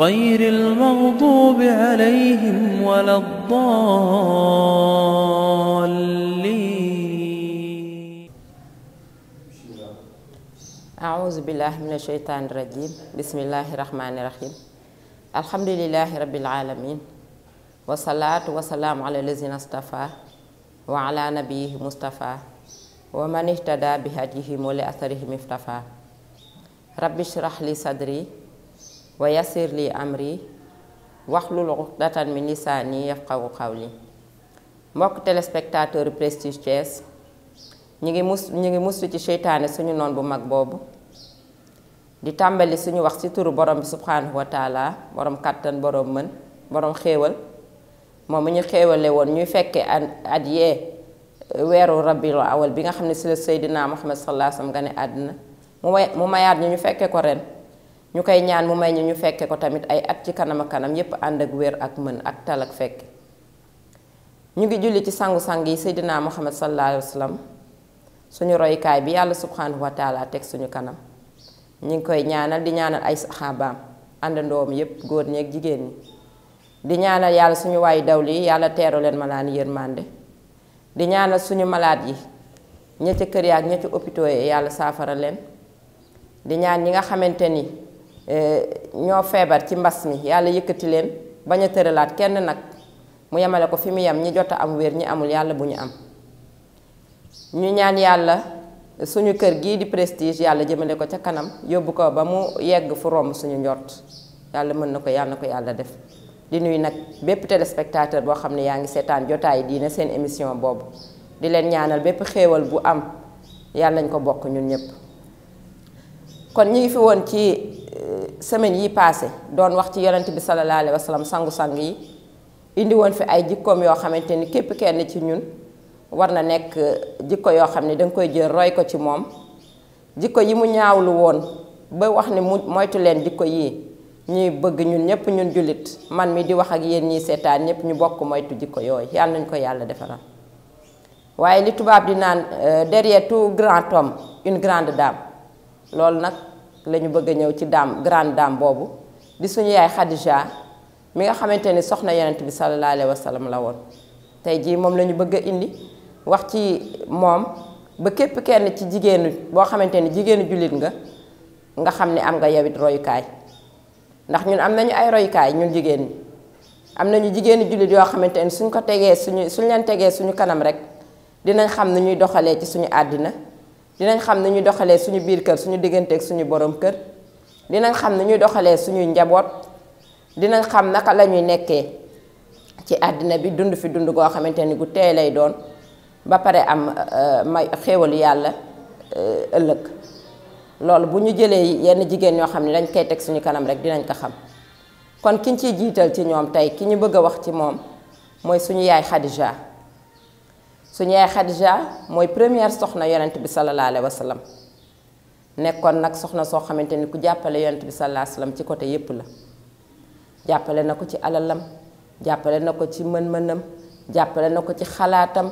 غير المغضوب عليهم ولا الضالين أعوذ بالله من الشيطان الرجيم بسم الله الرحمن الرحيم الحمد لله رب العالمين والصلاة والسلام على الذين اصطفى وعلى نبيه مصطفى ومن اهتدى بهديه ولأثره مفتفى رب اشرح لي صدري wa yassir li amri waxlul uqdatan min lisaani yafqahu qawli mbokk téléspectateur Prestige Thiès ñu ngi mus ñu ngi mustu ci seytaane suñu noon bu mag boobu di tàmbali suñu wax ci turu borom bi subhanahu wa taala borom kàttan borom mën borom xéewal moom mu ñu xéewale woon ñuy fekkee at yee euh, weeru la awal bi nga xam ne si la Seydina Muhammad sallallahu alayhi wasallam gane àddina mu may mu mayaat ñu ñu fekkee ko ren ñu koy ñaan mu may ñu ñu fekke ko tamit ay at ci kanam ak kanam yépp ànd ak wér ak mën ak tal ak fekke ñu ngi julli ci sangu-sang yi seydinaa muhammad sallallahu alayhi wa sallam suñu roykaay bi yàlla subhanahu wa teg suñu kanam ñu ngi koy ñaanal di ñaanal ay saxaabaam àndandoom yépp góor ñi ak jigéen ñi di ñaanal yàlla suñu waayu dawli yi yàlla teeru leen malaan yéen mànde di ñaanal suñu malaat yi ña kër yaak ñetti ca yi yàlla saafara leen di ni Eh, ñoo feebar ci mbas mi yàlla yëkkati leen bañ a tëralaat kenn nag mu yemale ko fi mu yem ñi jot a am wér ñi amul yàlla bu ñu am ñu ñaan yàlla suñu kër gii di prestige yàlla jëmale ko ca kanam yóbbu ko ba mu yegg fu romb suñu njot yàlla mën na ko yàlla na ko yàlla def di nuyu nag bépp téléspectateur boo xam ne yaa ngi seetaan jotaay diine seen émission boobu di leen ñaanal bépp xéewal bu am yàlla nañ ko bokk ñun ñëpp kon ñu fi woon ci semaine yi passé doon wax ci yonent bi sallallahu alayhi wa sallam sangu-sang yi indi woon fi ay jikkoom yoo xamante ni képp kenn ci ñun war na nekk jikko yoo xam ne danga koy jël roy ko ci moom jikko yi mu ñaawlu woon ba wax ni mu moytu leen jikko yii ñuy bëgg ñun ñëpp ñun jullit man mi di wax ak yéen ñii seetaan ñëpp ñu bokk moytu jikko yooyu yàlla nañ ko yàlla defaral waaye li tubaab di naan euh, derrière tout grand homme une grande dame loolu nag lañu bëgg a ñëw ci daam grande dame boobu di suñu yaay Khadija mi nga xamante ni soxna yonent bi sallallahu alayhi wa sallam la woon tey jii moom lañu bëgg a indi wax ci moom ba képp kenn ci jigéenu boo xamante ni jigéenu jullit nga nga xam ni am nga yowit royukaay ndax ñun am nañu ay royukaay ñun jigéen ñi am nañu jigéenu jullit yoo xamante ni suñ ko tegee suñu suñ leen tegee suñu kanam rek dinañ xam ni ñuy doxalee ci suñu àddina dinañ xam ni ñuy doxalee suñu biir kër suñu digganteeg suñu borom kër dinañ xam ni ñuy doxalee suñu njaboot dinañ xam naka la ñuy nekkee ci àddina bi dund fi dund goo xamante ni gu teey lay doon ba pare am euh, may xéewalu yàlla euh, ëllëg loolu bu ñu jëlee yenn jigéen ñoo xam ne dañ koy teg suñu kanam rek dinañ ko xam kon kiñ ci jiital ci ñoom tey ki ñu bëgg a wax ci moom mooy suñu yaay Khadija suñu yaay Xadija mooy première soxna yonent bi sallallahu alayhi wa sallam nekkoon nag soxna soo xamante ni ku jàppale yonent bi sallallahu alayhi ci côté yépp la jàppale na ko ci alalam jàppale na ko ci mën-mënam jàppale na ko ci xalaatam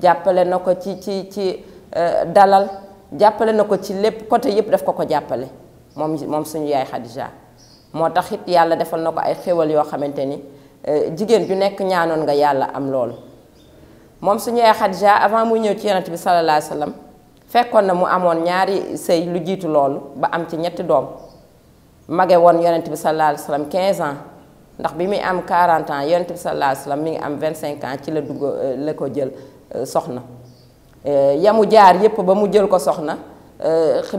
jàppale na ko ci ci ci euh, dalal jàppale na ko ci lépp côté yépp daf ko ko jàppale moom moom suñu yaay Xadija moo tax it yàlla defal na ko ay xéwal yoo xamante ni euh, jigéen ju nekk ñaanoon nga yàlla am loolu mom suñu yaay khadija avant mu ñëw ci yaronte bi sallalahu alayhi wasallam fekkon na mu amoon ñaari sëy lu jitu lool ba am ci ñetti doom mage won yaronte bi sallalahu alayhi wasallam 15 ans ndax bi mi am 40 ans yaronte bi sallalahu alayhi wasallam mi ngi am 25 ans ci la dugg le ko jël soxna yamu jaar yépp ba mu jël ko soxna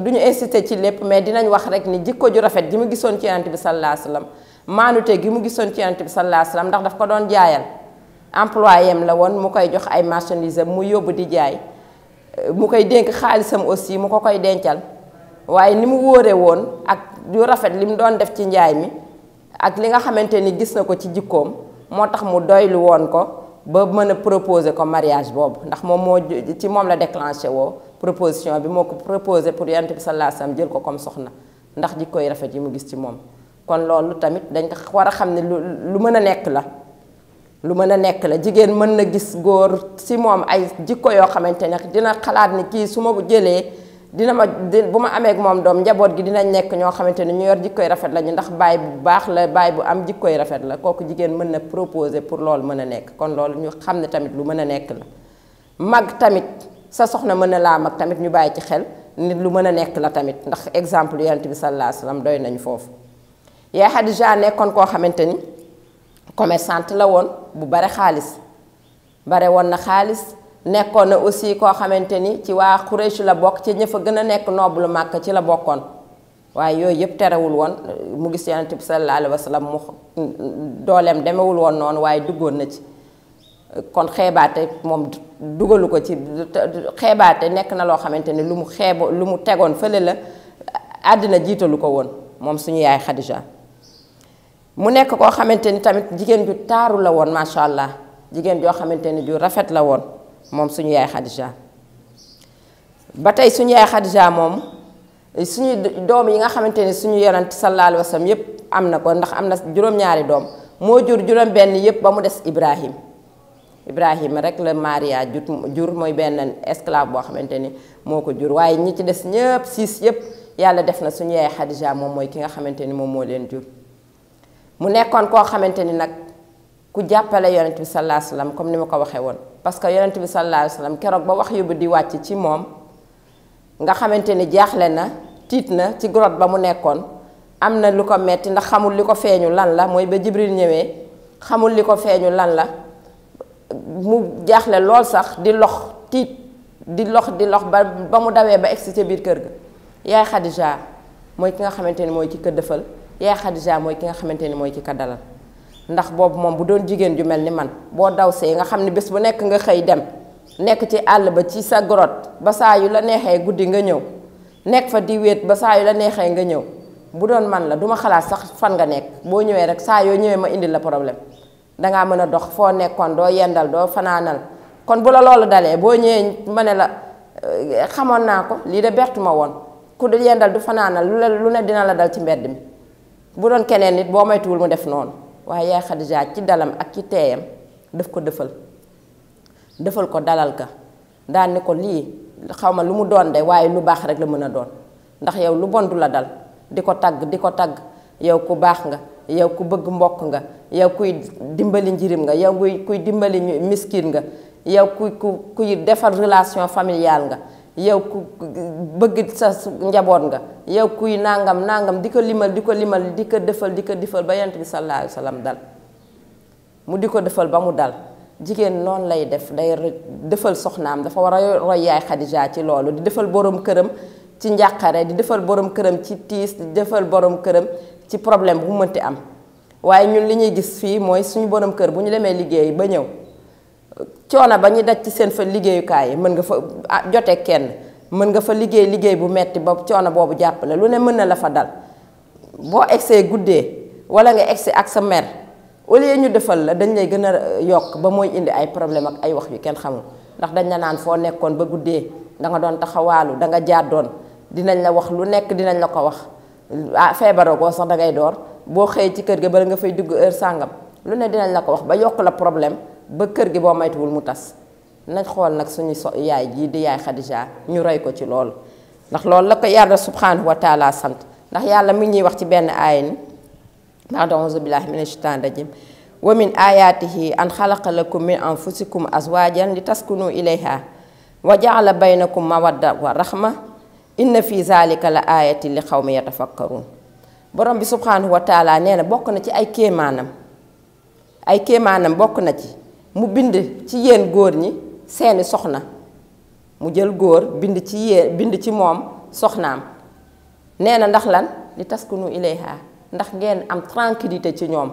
du ñu insisté ci lépp mais dinañ wax rek ni jikko ju rafet gi mu gisoon ci yaronte bi sallalahu alayhi wasallam manuté gi mu gisoon ci yaronte bi sallalahu alayhi wasallam ndax daf ko doon jaayal employé am la woon mu koy jox ay marchandises mu yóbbu di jaay mu koy dénk xaalisam aussi mu ko koy dencal waaye ni mu wóore woon ak yu rafet li mu doon def ci njaay mi ak li nga xamante ni gis na ko ci jikkoom moo tax mu doylu woon ko ba mën a proposer ko mariage boobu ndax moom moo ci moom la déclenché woo proposition bi moo ko proposé pour yonent bi sallallahu alayhi jël ko comme soxna ndax jikko yi rafet yi mu gis ci moom kon loolu tamit dañ ko war a xam ne lu lu mën a nekk la lu meuna nek la jigen meuna gis gor ci mom ay jikko yo xamantene dina xalat ni ki suma bu jele dina ma buma amé ak mom dom njabot gi dina nek ño xamantene ñu yor jikko rafet la ñu ndax bay bu bax la bay bu am jikko rafet la koku jigen meuna proposer pour lool meuna nek kon lool ñu xamne tamit lu meuna nek la mag tamit sa soxna meuna la mag tamit ñu bay ci xel ni lu meuna nek la tamit ndax exemple yonent bi sallallahu alayhi wasallam doy nañ fofu ya hadija nekkon ko xamanteni commerçante la woon bu bare xaalis bare woon na xaalis nekkoon na aussi koo xamante ni ci waa Quraysh la bokk ci ña a gën a nekk noobu lu Màkka ci la bokkoon waaye yooyu yëpp terewul woon mu gis Yonent bi sallallahu alayhi wa sallam mu dooleem demewul woon noonu waaye duggoon na ci kon xeebaate moom dugalu ko ci xeebaate nekk na loo xamante ni lu mu xeebo lu mu tegoon fële la àddina jiitalu ko woon moom suñu yaay Xadija mu nek ko xamanteni tamit jigen ju taru la won ma sha allah jigen jo xamanteni ju rafet la won mom suñu yaay khadija batay suñu yaay khadija mom suñu dom yi nga xamanteni ni suñu yonent sallallahu alaihi wasallam yep amna ko ndax amna juróom-ñaari dom mo jur juroom ben yep ba mu dess Ibrahim Ibrahim rek le Maria jur jur moy ben esclave bo xamanteni moko jur waye ñi ci dess ñëpp siis yep yàlla def na suñu yaay khadija mom moy ki nga xamanteni mom mo len jur mu nekkoon koo xamante ni nag ku jàppale yonent bi sallallahu alayhi comme ni ma ko waxee woon parce que yonent bi sallallahu alayhi keroog ba wax yóbbu di wàcc ci moom nga xamante ni jaaxle na tiit na ci grotte ba mu nekkoon am na lu ko metti ndax xamul li ko feeñu lan la mooy ba Jibril ñëwee xamul li ko feeñu lan la mu jaaxle lool sax di lox tiit di lox di lox ba ba mu dawee ba egsi ca biir kër ga yaay Xadija mooy ki nga xamante ni mooy ci ko yaay Xadija mooy ki nga xamante ni mooy ki ko dalal ndax boobu moom bu doon jigéen ju mel ni man boo daw see nga xam ne bés bu nekk nga xëy dem nekk ci àll ba ci sa grotte ba saa yu la neexee guddi nga ñëw nekk fa di wéet ba saa yu la neexee nga ñëw bu doon man la duma xalaat sax fan nga nekk boo ñëwee rek saa yoo ñëwee ma indi la problème dangaa mën a dox foo nekkoon doo yendal doo fanaanal kon bu la loolu dalee boo ñëwee ma ne la euh, xamoon naa ko lii de bertu woon ku dul yendal du fanaanal lu la lu dina la dal ci mbedd mi bu doon keneen nit boo moytuwul mu def noonu waaye yaay Xadija ci dalam ak ci teeyam daf ko dëfal dëfal ko dalal ka daan ni ko lii xaw ma lu mu doon de waaye lu baax rek la mën a doon ndax yow lu bon du la dal di ko tagg di ko tagg yow ku baax nga yow ku bëgg mbokk nga yow kuy dimbali njirim nga yow kuy dimbali miskin nga yow kuy ku kuy defar relation familiale nga yow ku bëgg sa njaboot nga yow kuy nangam nangam di ko limal di ko limal di ko defal di ko defal ba yant bi sallallahu alayhi wa sallam dal mu di ko defal ba mu dal jigéen noonu lay def day defal soxnaam dafa war a roy yaay Xadija ci loolu di defal borom këram ci njàqare di defal borom këram ci tiis di defal borom këram ci problème bu mënti am waaye ñun li ñuy gis fii mooy suñu borom kër bu ñu demee liggéey ba ñëw coono ba ñu daj ci seen fa liggéeyukaay yi mën nga fa ah, jote kenn mën nga fa liggéey liggéey bu metti ba coono boobu jàppale lu ne mën na la fa dal boo egsee guddee wala nga egsi ak sa mer au lieu ñu defal la dañ lay gën a euh, yokk ba mooy indi ay problème ak ay wax yu kenn xamul ndax dañ la naan foo nekkoon ba guddee da nga doon taxawaalu danga nga jàddoon dinañ la wax lu nekk dinañ la ko wax ah feebaragoo sax da ngay door boo xëyee ci kër ga bala nga fay dugg heure sàngam lu ne dinañ la ko wax ba yokk la problème بكر جبوا ما يتقول متس نخول نكسوني سو ياي جدي ياي خديجة نوراي كتير لول نخلول لك يا رب سبحانه وتعالى سنت نخ يا الله مني وقت بين عين بعد أنزل بالله من الشيطان الرجيم ومن آياته أن خلق لكم من أنفسكم أزواجا لتسكنوا إليها وجعل بينكم مودة ورحمة إن في ذلك لآية لقوم يتفكرون برب سبحانه وتعالى نين بكونتي أي كيمانم أي كيمانم بكونتي mu bind ci yéen góor ñi seeni soxna mu jël góor bind ci yée bind ci moom soxnaam nee na ndax lan li tas ku taskunu ilayha ndax ngeen am tranquillité ci ñoom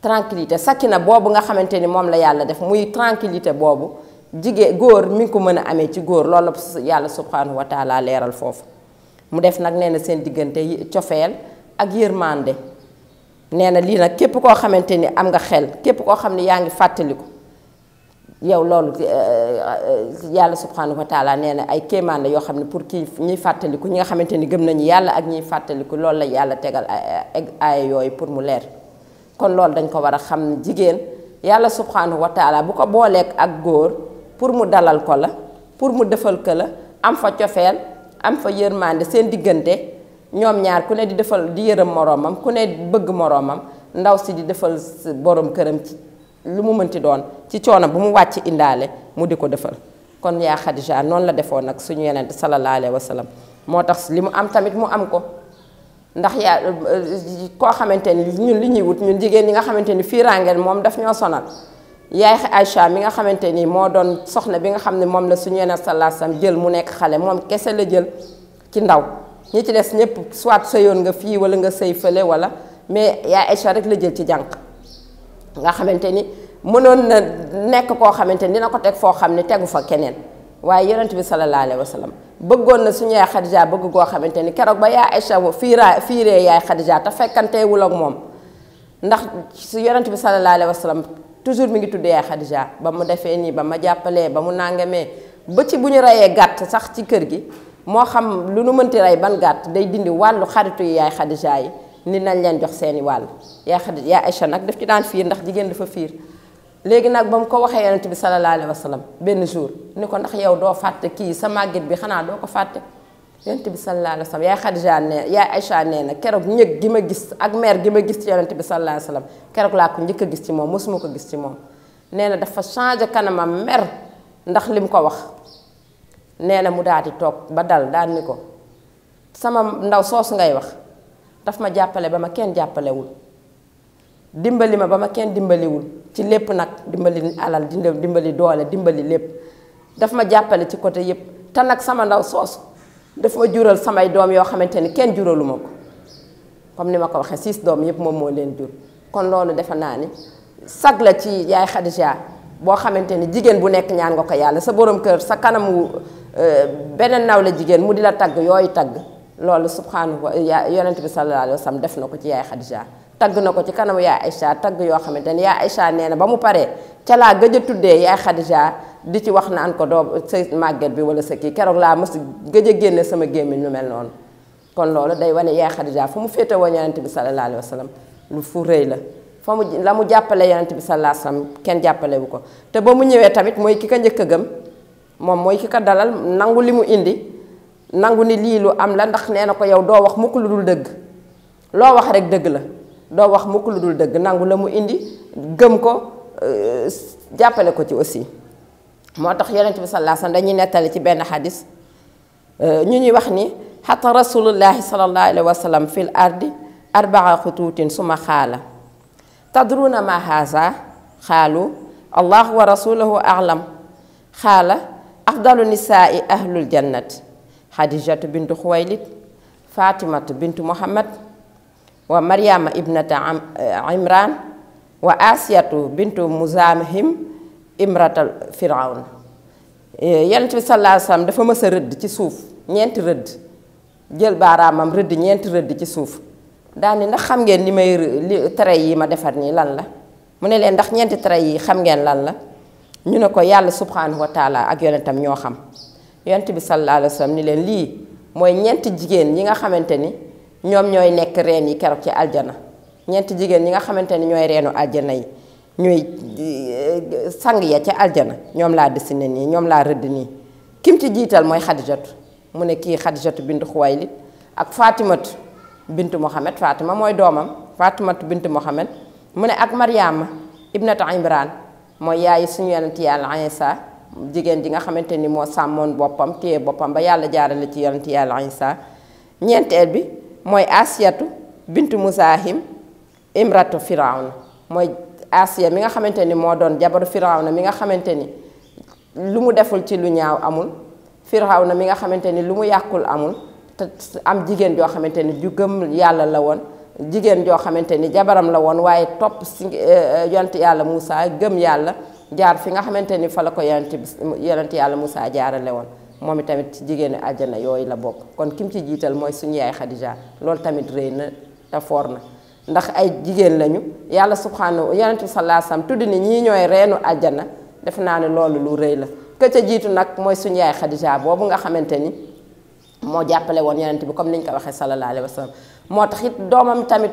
tranquillité na boobu nga xamante ni moom la yàlla def muy tranquillité boobu jigéen góor mu ngi ko mën a amee ci góor loolu yàlla subhanahu wa taala leeral foofu mu def nag nee seen diggante cofeel ak yërmande nee na lii nag képp koo xamante ni am nga xel képp koo xam ne yaa ngi fàttaliku yow loolu eh, eh, yàlla subhanahu wa taala nee na ay kéemaan la yoo xam ne pour kii ñiy fàttaliku ñi nga xamante ni gëm nañu yàlla ak ñuy fàttaliku loolu la yàlla tegal ay ay yooyu pour mu leer kon loolu dañ ko war a xam jigéen yàlla subhanahu wa bu ko booleek ak góor pour mu dalal ko la pour mu defal ko la am fa cofeel am fa yërmande seen diggante. ñoom ñaar ku ne di defal di yërëm moroomam ku ne bëgg moroomam ndaw si di defal borom këram ci li mu mënti doon ci coono bu mu wàcc indaale mu di ko defal kon yaa Xadija noonu la defoon nag suñu yeneen sallallahu alayhi wa sallam moo tax li mu am tamit mu am ko ndax yaa koo xamante ni li ñuy wut ñun jigéen ñi nga xamante ni fii rangel moom daf ñoo sonal yaay Aïcha mi nga xamante ni moo doon soxna bi nga xam ne moom la suñu yeneen sallallahu alayhi wa jël mu nekk xale moom kese la jël ci ndaw ñi ci des ñëpp soit sëyoon nga fii wala nga sëy fële wala mais yaa Aïcha rek la jël ci jànq nga xamante ni mënoon na nekk koo xamante ni dina ko teg foo xam ne tegu fa keneen waaye yonent bi sallallahu alayhi wa sallam bëggoon na suñu yaay Xadija bëgg goo xamante ni keroog ba yaa Aïcha fiira fiiree yaay Xadija te fekkanteewul ak moom ndax su yonent bi sallallahu alayhi wa sallam toujours mi ngi tudd yaay Xadija ba mu defee nii ba ma jàppalee ba mu nàngamee ba ci bu ñu reyee gàtt sax ci kër gi mo xam lu nu meunti ray ban gàtt day dindi walu xaritu yi yaay xadija yi ni nañ len jox seeni wal ya khadija ya aisha nak daf ci daan fiir ndax jigen dafa fiir léegi nak bam ko waxe yonent bi sallallahu alaihi wasallam ben jour ni ko ndax yow do fàtte ki sa màgget bi xana do ko fàtte yonent bi sallallahu alaihi wasallam ya khadija ne ya aisha ne na keroog ñëg gi ma gis ak mer gi ma gis ci yonent bi sallallahu alaihi wasallam sallam la ko njëkk gis ci mom musuma ko gis ci mom nee na dafa changer kanama mer ndax lim ko wax nee na mu daal di toog ba dal daan ni ko sama ndaw soosu ngay wax daf ma jàppale ba ma kenn jàppalewul dimbali ma ba ma kenn dimbaliwul ci lépp nag dimbali alal dimbali doole dimbali lépp daf ma jàppale ci côté yépp te nag sama ndaw soos daf ma jural samay doom yoo xamante ni kenn juralu ma ko comme ni ma ko waxee six doom yépp moom moo leen jur kon loolu defe naa ni sag la ci yaay Xadija bo xamanteni jigen bu nek ñaan nga ko yàlla sa borom keur sa kanamu benen naw la jigen mu dila tag yoy tag tagg subhanahu ya yonnati bi sallallahu alayhi wasallam def nako ci yaay khadija tag nako ci kanam ya aisha tag yo xamanteni ya aisha neena nee na ba mu paree ca laa gëj a yaay Xadija di ci wax naan ko do sey màgget bi wala sa ki keroog la mës gëjë a génne sama gémmiñ lu mel non kon loolu day wone yaay khadija fu mu fété woon yonnati bi sallallahu alayhi wasallam lu fu reey la fa mu la mu jàppale yonent bi sallallahu alayhi wasallam kenn jàppalewu ko te ba mu ñëwee tamit mooy ki ko njëkk a gëm moom mooy ki ko dalal nangu li mu indi nangu ni lii lu am la ndax nee na ko yow doo wax mukk lu dul dëgg loo wax rek dëgg la doo wax mukk lu dul dëgg nangu la mu indi gëm ko jàppale ko ci aussi moo tax yonent bi sallallahu alayhi wasallam dañuy nettali ci benn xadis ñu ñuy wax ni xata rasulullahi sallallahu alayhi wa sallam fil ardi arbaa xutuutin suma xaala تدرون ما هذا خالو الله ورسوله أعلم خالة أفضل النساء أهل الجنة خديجة بنت خويلد فاطمة بنت محمد ومريم ابنة عمران وآسية بنت مزامهم امرة فرعون yonent bi sallallahu alayhi wa sallam dafa mës a rëdd ci suuf ñeenti rëdd jël baaraamam rëdd ñeenti rëdd daal ndax xam ngeen li may li trait yi ma defar nii lan la mu ne leen ndax ñeenti trait yi xam ngeen lan la ñu ne ko yàlla subhanahu wa taala ak tam ñoo xam yonent bi sallallahu alayhi wa ni leen lii mooy ñenti jigéen yi nga xamante ni ñoom ñooy nekk reen yi keroog ci aljana ñeenti jigéen yi nga xamante ni ñooy reenu aljana yi ñooy eh, sang ya ci aljana ñoom laa dessiné nii ñoom laa rëdd nii kim ci jiital mooy xadijatu mu ne kii xadijatu bintu xuwaylid ak fatimatu bintu Muhammad Fatima mooy doomam Fatimatu bint Muhammad mu ne ak Maryaama ibnatu Imran mooy yaayu suñu yonent yàlla Isa jigéen ji nga xamante ni moo sàmmoon boppam téye boppam ba yàlla jaarale ci yonent yàlla Isa ñeenteel bi mooy Asiyatu bintu Musaahim imratu na mooy Asiya mi nga xamante ni moo doon jabaru na mi nga xamante ni lu mu deful ci lu ñaaw amul na mi nga xamante ni lu mu yàqul amul te am jigéen joo xamante ni ju gëm yàlla la woon jigéen joo xamante ni jabaram la woon waaye topp si eh, eh, yonent yàlla Moussa gëm yàlla jaar fi nga xamante ni fa la ko yonent yonent yàlla Moussa jaarale woon moom itamit ci jigéenu àjjana yooyu la bokk kon kim ci jiital mooy suñu yaay Xadija loolu tamit rëy na te foor na ndax ay jigéen lañu yàlla subhanahu yonent bi sallallahu alayhi wasallam tudd ni reenu àjjana def naa ne loolu rëy la ke ca yaay Xadija boobu nga xamante ni mo jàppale won yenen bi comme niñ ko waxe sallallahu alayhi wasallam motax it domam tamit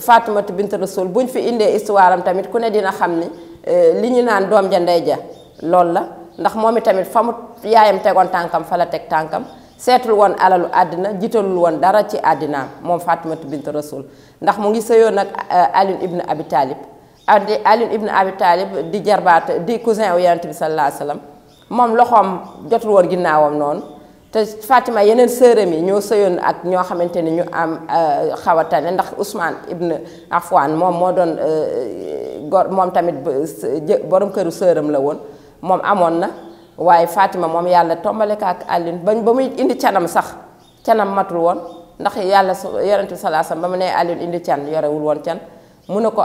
Fatimatu bint Rasul buñ fi inde histoire tamit ku ne dina xamni liñu nan dom ja ndey ja lol la ndax momi tamit famu yaayam tegon tànkam fala tek tànkam setul won alalu adina jitalul won dara ci adina mom Fatimatu bint Rasul ndax mo ngi seyo nak ali ibn Abi Talib andi ali ibn Abi Talib di jarbaat di cousin wu yonent sallallahu alayhi wasallam mom loxom jotul won ginnawam noonu. te Fatima yeneen sërëm yi ñoo sëyoon ak ñoo xamante ni ñu am xaw a tane ndax Ousmane Ibn Affan moom moo doon gor moom tamit borom këru sërëm la woon moom amoon na waaye Fatima moom yàlla tombale ko ak Alioune bañ ba muy indi canam sax canam matul woon ndax yàlla yonent bi salaasam ba mu nee Alioune indi can yorewul woon can mu ne ko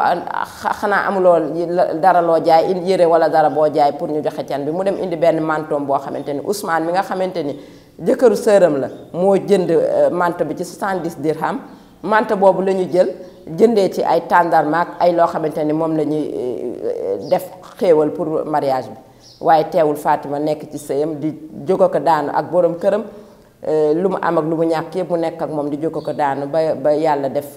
xanaa amuloo dara loo jaay indi yére wala dara boo jaay pour ñu joxe can bi mu dem indi benn mantoom boo xamante ni Ousmane mi nga xamante ni. jëkkëru sëram la moo jënd euh, mante bi ci 70 dirham mante boobu la jël jëndee ci ay tàndarmaak ay loo xamante ni moom la ñuy euh, def xéewal pour mariage bi waaye teewul Fatima nekk ci sëyam di jóg ko daanu ak boroom këram euh, lu mu am ak lu mu ñàkk yëpp mu nekk ak moom di jóg ko daanu ba ba yàlla def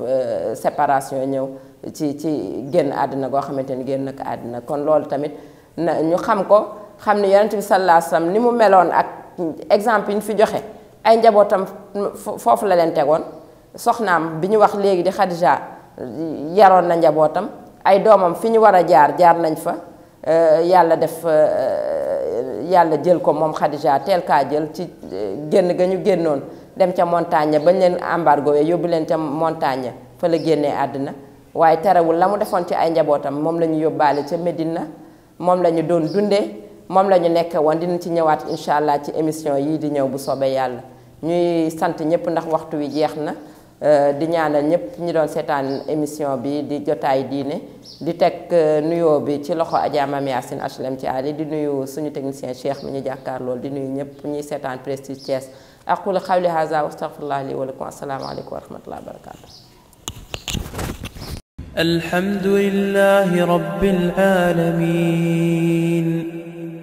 séparation ñëw ci ci génn àddina goo xamante ni génn ko àddina kon loolu tamit na ñu xam ko xam ne yonent bi sallallahu ni mu meloon ak. exemple yi fi joxe ay njabotam fofu la len tegoon soxnam biñu wax légui di khadija yaron na njabotam ay domam fiñu wara jaar jaar nañ fa euh yàlla def yàlla jël ko mom khadija tel ka jël ci génn gañu gennon dem ca montagne bañ len embargo yobul len ca montagne fa la genné àddina waye terewul lamu defon ci ay njabotam mom lañu yobalé ca Medina mom lañu ñu doon dundee mom lañu ñu nekk woon dinañ ci ñëwaat inshallah ci émission yi di ñëw bu soobee yàlla ñuy sant ñëpp ndax waxtu wi jeexna euh di ñaanal ñëpp ñi doon sétane émission bi di jotaay diine di tek nuyo bi ci loxo adiama miassine Yacine ci Ali di nuyu suñu technicien Cheikh mi ñu jakkar lool di nuyu ñëpp ñi sétane Prestige ties aqulu xawli hadha wa astaghfirullah li wa lakum assalamu alaykum wa rahmatullahi wa barakatuh الحمد لله رب العالمين